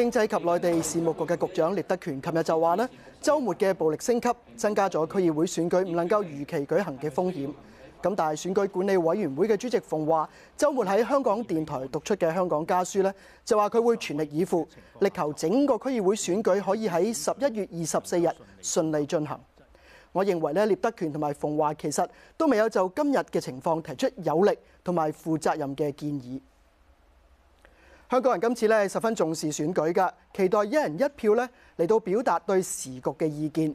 經濟及內地事務局嘅局長聶德權琴日就話咧，周末嘅暴力升級增加咗區議會選舉唔能夠如期舉行嘅風險。咁但係選舉管理委員會嘅主席馮驊，周末喺香港電台讀出嘅《香港家書》呢，就話佢會全力以赴，力求整個區議會選舉可以喺十一月二十四日順利進行。我認為咧，聶德權同埋馮驊其實都未有就今日嘅情況提出有力同埋負責任嘅建議。香港人今次咧十分重視選舉㗎，期待一人一票咧嚟到表達對時局嘅意見。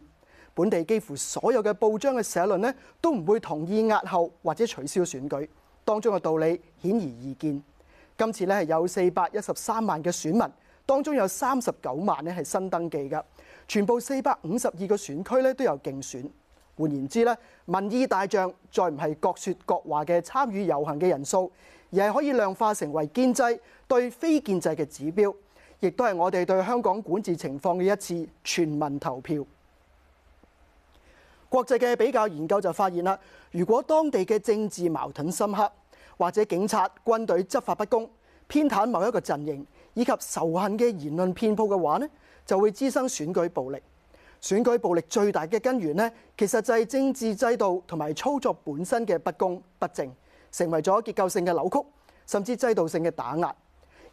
本地幾乎所有嘅報章嘅社論咧都唔會同意押後或者取消選舉，當中嘅道理顯而易見。今次咧係有四百一十三萬嘅選民，當中有三十九萬咧係新登記㗎，全部四百五十二個選區咧都有競選。換言之咧，民意大漲，再唔係各說各話嘅參與遊行嘅人數，而係可以量化成為建制對非建制嘅指標，亦都係我哋對香港管治情況嘅一次全民投票。國際嘅比較研究就發現啦，如果當地嘅政治矛盾深刻，或者警察軍隊執法不公、偏袒某一個陣營，以及仇恨嘅言論偏鋪嘅話咧，就會滋生選舉暴力。選舉暴力最大嘅根源咧，其實就係政治制度同埋操作本身嘅不公不正。成為咗結構性嘅扭曲，甚至制度性嘅打壓。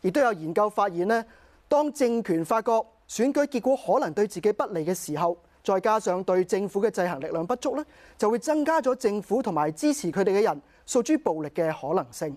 亦都有研究發現咧，當政權發覺選舉結果可能對自己不利嘅時候，再加上對政府嘅制衡力量不足咧，就會增加咗政府同埋支持佢哋嘅人訴諸暴力嘅可能性。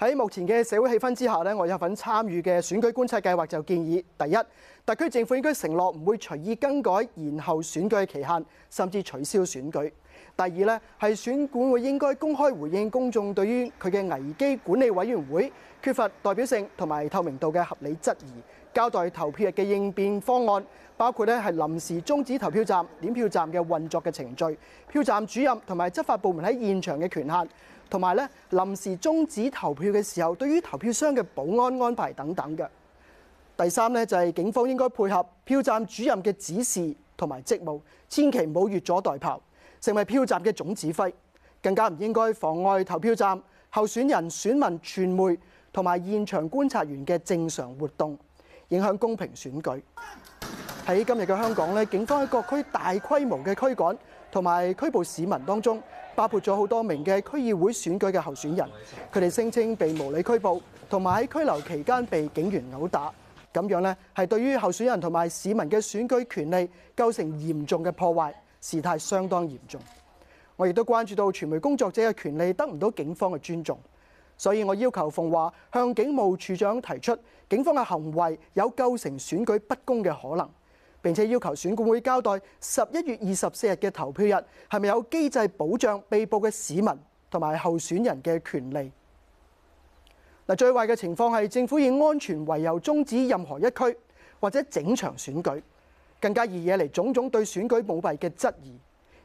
喺目前嘅社會氣氛之下咧，我有份參與嘅選舉觀察計劃就建議：第一，特區政府應該承諾唔會隨意更改延後選舉嘅期限，甚至取消選舉。第二咧係選管會應該公開回應公眾對於佢嘅危機管理委員會缺乏代表性同埋透明度嘅合理質疑，交代投票日嘅應變方案，包括係臨時中止投票站、點票站嘅運作嘅程序、票站主任同埋執法部門喺現場嘅權限，同埋臨時中止投票嘅時候對於投票箱嘅保安安排等等嘅。第三咧就係、是、警方應該配合票站主任嘅指示同埋職務，千祈唔好越俎代庖。成為票站嘅總指揮，更加唔應該妨礙投票站、候選人、選民、傳媒同埋現場觀察員嘅正常活動，影響公平選舉。喺今日嘅香港呢，警方喺各區大規模嘅驅趕同埋拘捕市民當中，包括咗好多名嘅區議會選舉嘅候選人，佢哋聲稱被無理拘捕，同埋喺拘留期間被警員毆打。咁樣呢，係對於候選人同埋市民嘅選舉權利構成嚴重嘅破壞。事態相當嚴重，我亦都關注到傳媒工作者嘅權利得唔到警方嘅尊重，所以我要求馮驊向警務處長提出，警方嘅行為有構成選舉不公嘅可能，並且要求選管會交代十一月二十四日嘅投票日係咪有機制保障被捕嘅市民同埋候選人嘅權利。嗱，最壞嘅情況係政府以安全為由中止任何一區或者整場選舉。更加易惹嚟種種對選舉舞弊嘅質疑，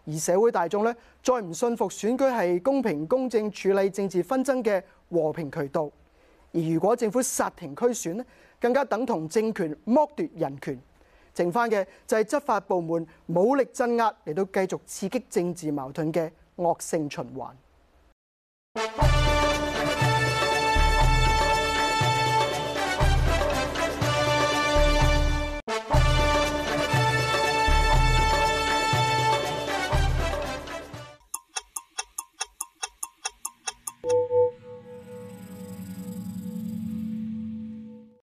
而社會大眾呢再唔信服選舉係公平公正處理政治紛爭嘅和平渠道，而如果政府殺停區選呢，更加等同政權剝奪人權，剩返嘅就係執法部門武力鎮壓嚟到繼續刺激政治矛盾嘅惡性循環。